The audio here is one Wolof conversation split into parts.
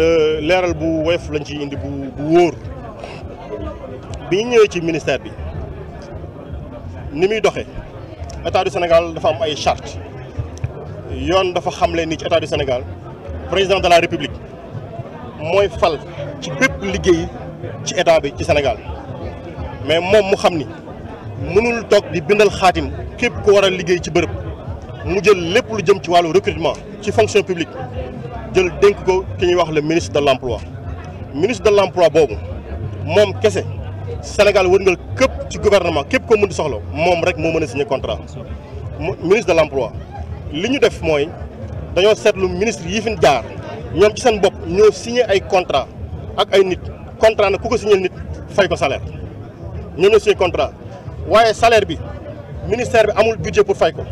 Euh, leral bu lañ ci indi bu bu ministère bi ni état du Sénégal dafa am ay charte yoon dafa état du Sénégal président de la république moy fal ci bép liggéey ci état bi Sénégal mais mom mu xamni mënul di bindal képp ci mu jël lépp recrutement ci fonction publique jël dénk ko ki ñuy wax le ministre de l'Emploi, ministre de l'emploi bobu mom kessé Sénégal wërngal kep ci gouvernement kep ko mën soxlo mom rek mo mën signer signé contrat ministre de l'Emploi, liñu def moy dañoo seetlu ministre yi fi jaar ñom ci seen bop ñoo signé ay contrat ak ay nit contrat na ku ko signé nit fay ko salaire ñoo ñoo signé contrat waaye salaire bi ministère bi amul budget pour fay ko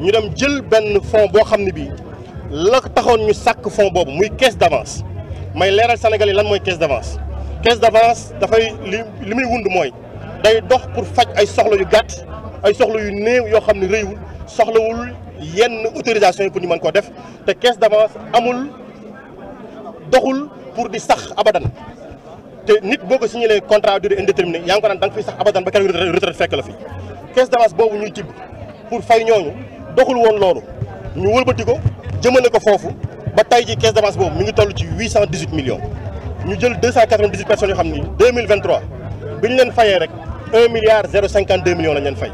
ñu dem jël benn fonds bo xamni bi la nous ñu sàkk bob. boobu muy caisse d'avance may leeral Sénégal lan mooy caisse d'avance caisse d'avance dafay li li muy wund mooy day dox pour faj ay soxla yu il ay soxla yu néew yoo xam ne réyul soxlawul yenn autorisation pour ñu mën koo def te caisse d'avance amul doxul pour di sax abadan te nit boo ko signé contrat à durée indéterminée yaa ngi ko naan da nga sax abadan ba keroog retraite fekk la fi caisse d'avance Bob ñuy type pour fay ñooñu doxul woon loolu ñu wëlbati ko jëmale ko fofu ba tay ji caisse d'avance bobu mi ngi tollu ci 818 millions ñu jël 298 personnes yo xamni 2023 biñu leen rek 1 milliard 052 millions lañ leen fay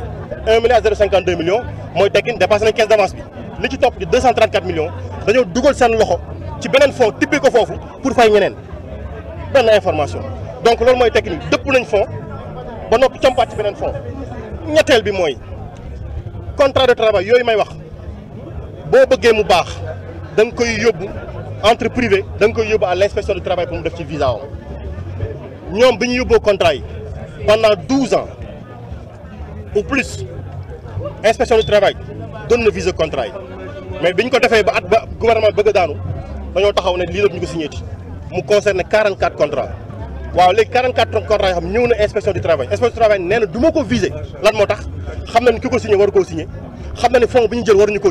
1 milliard 052 millions moy technique dépassé na caisse d'avance bi li ci top di 234 millions dañu duggal sen loxo ci benen fonds typique ko fofu pour fay ñenen ben information donc lool moy technique. depp nañ fonds ba noppi campaat ci benen fonds ñettel bi moy contrat de travail yoy may wax si bëggee mu baax da koy entre privé koy à l'inspection du travail pour mu def ci visa Nous avons bi contrat pendant 12 ans ou plus inspection du travail donne le visa au contrat yi mais si ñu ko fait ba at ba gouvernement bëgg daanu dañoo taxaw ne lii ñu ko signé ci mu concerne 44 contrats waaw léegi 44 contrats yoo xam na inspection du travail inspection du travail nee pas. du Nous ko visé lan signer tax xam na ni ki ko signé waru koo signé xam fonds ñu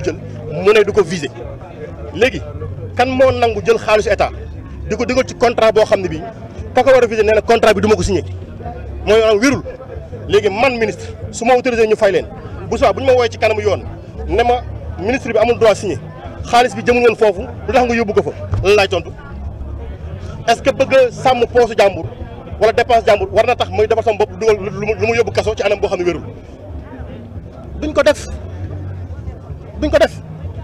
jël mu ne du ko viser léegi kan moo nangu jël xaalis état di ko digal ci contrat boo xam ne bii ka ko war a viser nee na contrat bi du ma ko signé mooy maanaam wérul léegi man ministre su ma autorisé ñu fay leen bu subaa bu ñu ma woowee ci kanam yoon ne ma ministre bi amul droit signé xaalis bi jëmul woon foofu lu tax nga yóbbu ko fa lan laay tontu est-ce que bëgg sàmm poosu jàmbur wala dépense jàmbur war na tax muy defar sama bopp dugal lu mu yóbbu kaso ci anam boo xam ne wérul ko def duñ ko def.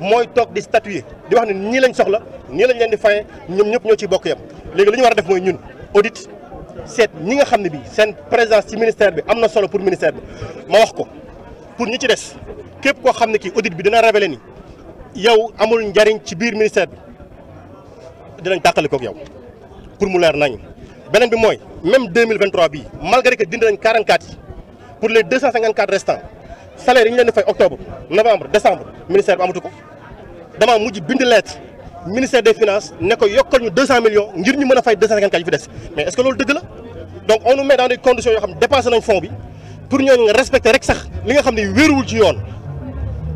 moy tok di statuer di wax ni nii lañ soxla nii lañ leen di fayee ñom ñep ñoo ciy bokk yam léegi li ñu war def moy ñun audit set ñi nga xamni bi sen présence ci ministère bi amna solo pour ministère bi ma wax ko pour ñi ci dess képp ko xamni ki audit bi dina révéler ni yow amul njariñ ci biir ministère bi dinañ tàqali kook yow pour mu leer nañ benen bi moy même 2023 bi malgré que dindi nañ 44 pour les 254 restants salaire yi ñu leen fay octobre novembre décembre ministère amatu ko dama mujj bind lettre ministère des finances ne ko yokal ñu 200 millions ngir ñu mëna fay 254 yi fi des mais est ce que lolu dëgg la donc on nous met dans des conditions yo xam ne dépassé nañ fonds bi pour ñoo nga respecter rek sax li nga xam wërul ci yoon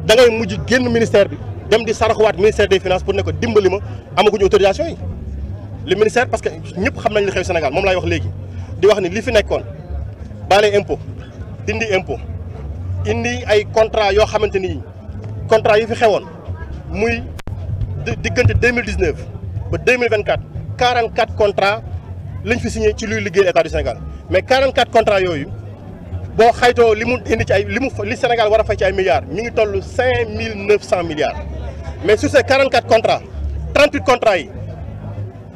da ngay mujj génn ministère bi dem di saraxuwaat ministère des finances pour ne ko dimbali ma amaguñu autorisation yi. le ministère parce que ñep xam nañ li xew Sénégal mom lay wax légui di wax ni li fi nekkoon baale impôt dindi impôt indi ay contrat yo xamanteni contrat yi fi xewon muy 2019 ba 2024 44 contrats liñ fi signé ci luy l'État du Sénégal mais 44 contrats yoyu bo xayto limu indi ci Sénégal wara fay ci ay milliards 5900 milliards mais sur ces 44 contrats 38 contrats yi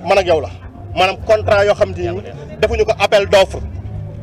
man ak yow la manam contrat yo xamanteni defuñu appel d'offres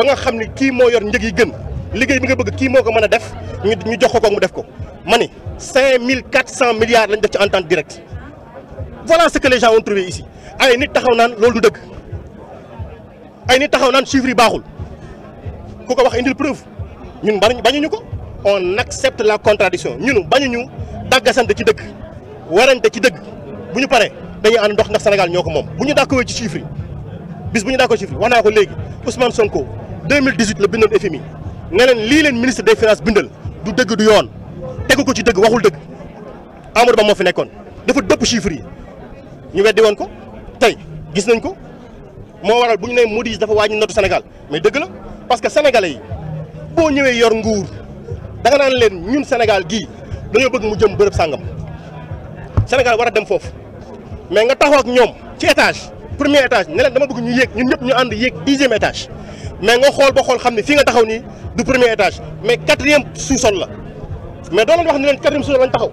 ba nga xamni ki mo yor ndeg yi gën liggéey bi nga bëgg ki moko mëna def ñu ñu jox ko ko mu def ko mané 5400 cinq mille quatre cent milliards lañ def ci entente directe voilà ce que les gens ont trouvé ici ay nit taxaw naan loolu du dëgg ay nit taxaw naan chiffre yi baaxul ku ko wax indil preuve ñun bañu ko on accepte la contradiction ñun bañuñu dàggasante ci dëgg warante ci dëgg bu ñu paree dañuy ànd ndox ndax Sénégal ñoko mom moom bu ñu dàkkowee ci chiffre yi bis bu ñu ci chiffre Wana wax ko légui Ousmane Sonko 2018 le Bindon FMI li le ministre des finances bindal du que du yoon ko ci deug waxul deug Amadou Ba mo fi dafa chiffres ñu wéddi won ko tay gis nañ ko mo waral né dafa notu Sénégal mais il la parce que sénégalais yi yor nguur nga nan leen ñun Sénégal gi dañu bëgg mu jëm Sénégal mais nga taxaw ak ñom premier étage dama bëgg ñu étage mais nga xol ba xol xamni fi nga taxaw ni du premier étage mais quatrième sous-sol la mais do la wax ne leen quatrième sous-sol lañ taxaw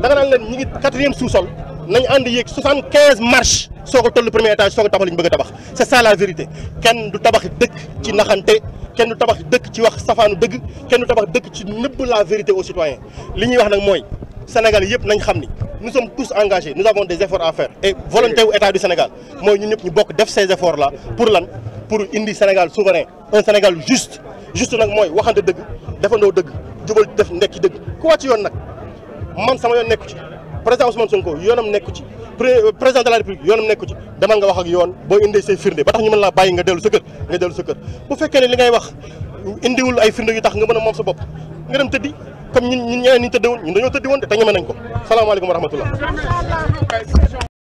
da nga naan len ñi ngi quatrième sous-sol nañ ànd yéeg soixante quinze marches soo ko toll premier étage soo ko tabax li bëgg tabax c'est ça la vérité ken du tabax dekk ci naxanté ken du tabax dekk ci wax safanu deug ken du tabax dekk ci neub la vérité aux citoyens li wax nak moy Sénégal yépp nañ xamni nous sommes tous engagés nous avons des efforts à faire et volonté ou état du Sénégal moy ñun ñëpp ñu bokk def ces efforts là pour lan pour indi Sénégal souverain un Sénégal juste juste nak moy waxante deug, defandoo deug, djubal def ndekki deug. Quoi ci yoon nak? man sama yoon nekku ci président Ousmane Sonko yoonam nekku ci euh, président de la République yoonam nekku ci Dama nga wax ak yoon bo indi say firnde ba tax ñu mën la bàyyi nga delu sa kër nga delu sa kër bu fekké ni li ngay wax indi wul ay firnde yu tax nga mëna mom sa bop. nga dem teddi comme ñun ñun ñeneen ñi tëddewoon ñun dañu teddi won té ñeme mënañ ko salaamaaleykum wa rahmatullah